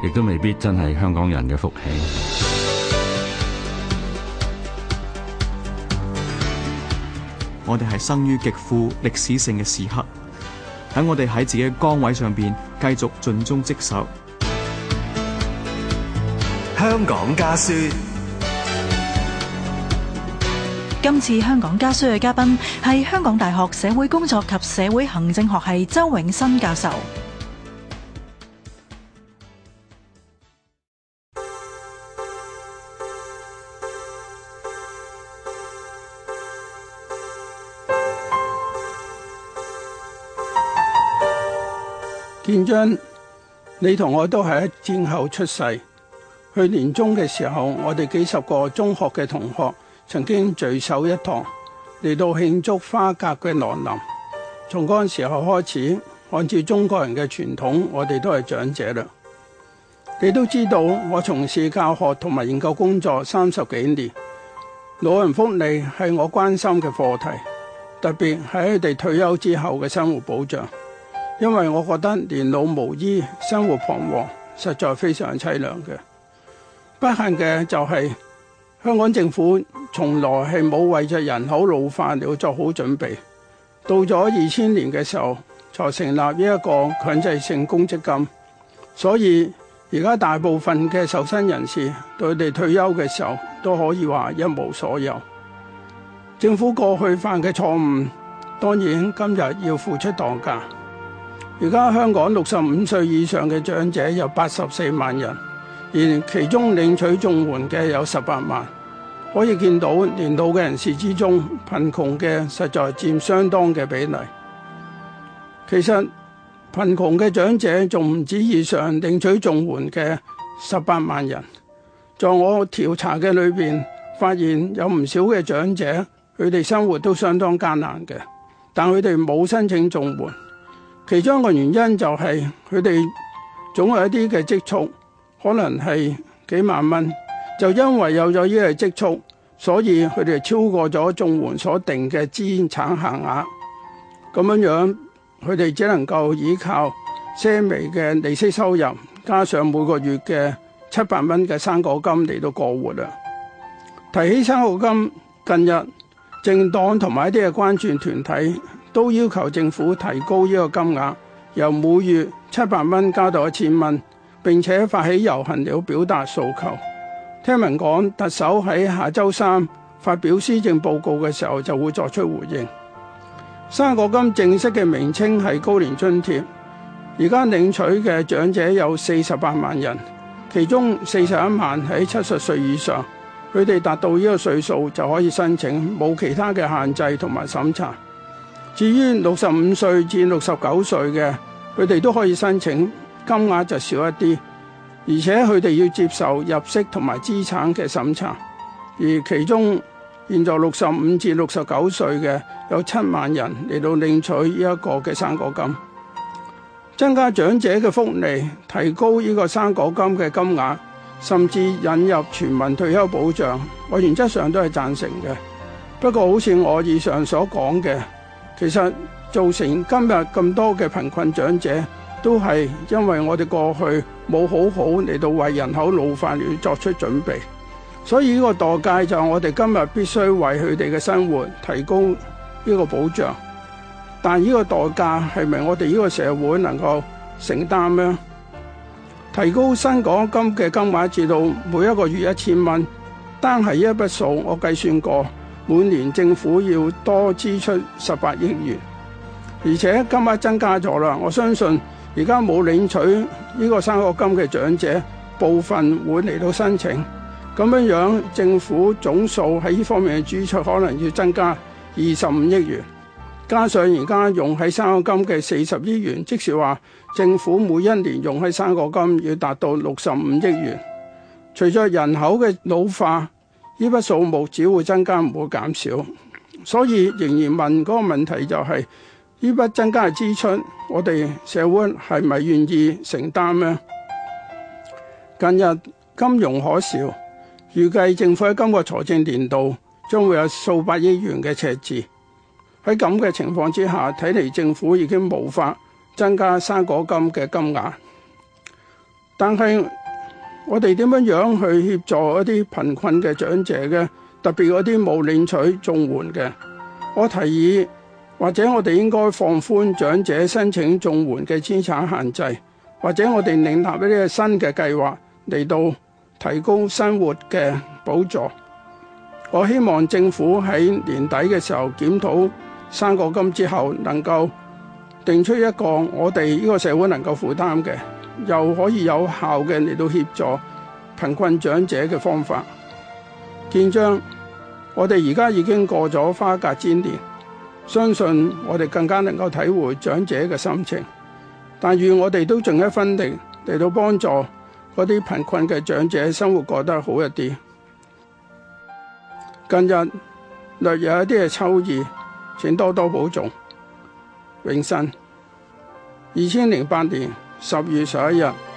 亦都未必真係香港人嘅福氣。 我哋係生於極富歷史性嘅時刻，等我哋喺自己嘅崗位上邊繼續盡忠職守。香港家書。今次香港家書嘅嘉賓係香港大學社會工作及社會行政學系周永新教授。建章，你同我都係喺戰後出世。去年中嘅時候，我哋幾十個中學嘅同學曾經聚首一堂嚟到慶祝花甲嘅來臨。從嗰陣時候開始，按照中國人嘅傳統，我哋都係長者啦。你都知道，我從事教學同埋研究工作三十幾年，老人福利係我關心嘅課題，特別係佢哋退休之後嘅生活保障。因為我覺得年老無依、生活彷徨，實在非常凄涼嘅。不幸嘅就係、是、香港政府從來係冇為着人口老化了做好準備，到咗二千年嘅時候才成立呢一個強制性公積金。所以而家大部分嘅受薪人士，對佢哋退休嘅時候都可以話一無所有。政府過去犯嘅錯誤，當然今日要付出代價。而家香港六十五歲以上嘅長者有八十四萬人，而其中領取綜援嘅有十八萬。可以見到年老嘅人士之中，貧窮嘅實在佔相當嘅比例。其實貧窮嘅長者仲唔止以上領取綜援嘅十八萬人，在我調查嘅裏邊，發現有唔少嘅長者佢哋生活都相當艱難嘅，但佢哋冇申請綜援。其中一個原因就係佢哋總有一啲嘅積蓄，可能係幾萬蚊，就因為有咗呢個積蓄，所以佢哋超過咗綜援所定嘅資產限額，咁樣樣佢哋只能夠依靠些微嘅利息收入，加上每個月嘅七百蚊嘅生果金嚟到過活啊！提起生果金，近日政黨同埋一啲嘅關注團體，都要求政府提高呢個金額，由每月七百蚊加到一千蚊，並且發起遊行，了表達訴求。聽聞講，特首喺下周三發表施政報告嘅時候就會作出回應。生果金正式嘅名稱係高年津貼，而家領取嘅長者有四十八萬人，其中四十一萬喺七十歲以上。佢哋達到呢個歲數就可以申請，冇其他嘅限制同埋審查。至於六十五歲至六十九歲嘅，佢哋都可以申請，金額就少一啲，而且佢哋要接受入息同埋資產嘅審查。而其中現在六十五至六十九歲嘅有七萬人嚟到領取呢一個嘅生果金，增加長者嘅福利，提高呢個生果金嘅金額，甚至引入全民退休保障，我原則上都係贊成嘅。不過好似我以上所講嘅。其實造成今日咁多嘅貧困長者，都係因為我哋過去冇好好嚟到為人口老化而作出準備，所以呢個代價就我哋今日必須為佢哋嘅生活提供呢個保障。但呢個代價係咪我哋呢個社會能夠承擔呢？提高新港金嘅金額至到每一個月一千蚊，單係一筆數，我計算過。每年政府要多支出十八億元，而且金額增加咗啦。我相信而家冇領取呢個生果金嘅長者，部分會嚟到申請，咁樣樣政府總數喺呢方面嘅支出可能要增加二十五億元，加上而家用喺生果金嘅四十億元，即是話政府每一年用喺生果金要達到六十五億元，隨著人口嘅老化。呢筆數目只會增加，唔會減少，所以仍然問嗰個問題就係呢筆增加嘅支出，我哋社會係咪願意承擔呢？近日金融海嘯，預計政府喺今個財政年度將會有數百億元嘅赤字，喺咁嘅情況之下，睇嚟政府已經無法增加生果金嘅金額，但係，我哋點樣樣去協助一啲貧困嘅長者嘅，特別嗰啲冇領取綜援嘅，我提議或者我哋應該放寬長者申請綜援嘅資產限制，或者我哋另立一啲新嘅計劃嚟到提供生活嘅補助。我希望政府喺年底嘅時候檢討三個金之後，能夠定出一個我哋呢個社會能夠負擔嘅。又可以有效嘅嚟到協助貧困長者嘅方法。建章，我哋而家已經過咗花甲之年，相信我哋更加能夠體會長者嘅心情。但願我哋都盡一分力嚟到幫助嗰啲貧困嘅長者，生活過得好一啲。近日略有一啲嘅秋意，請多多保重。永新。二千零八年。十月十一日。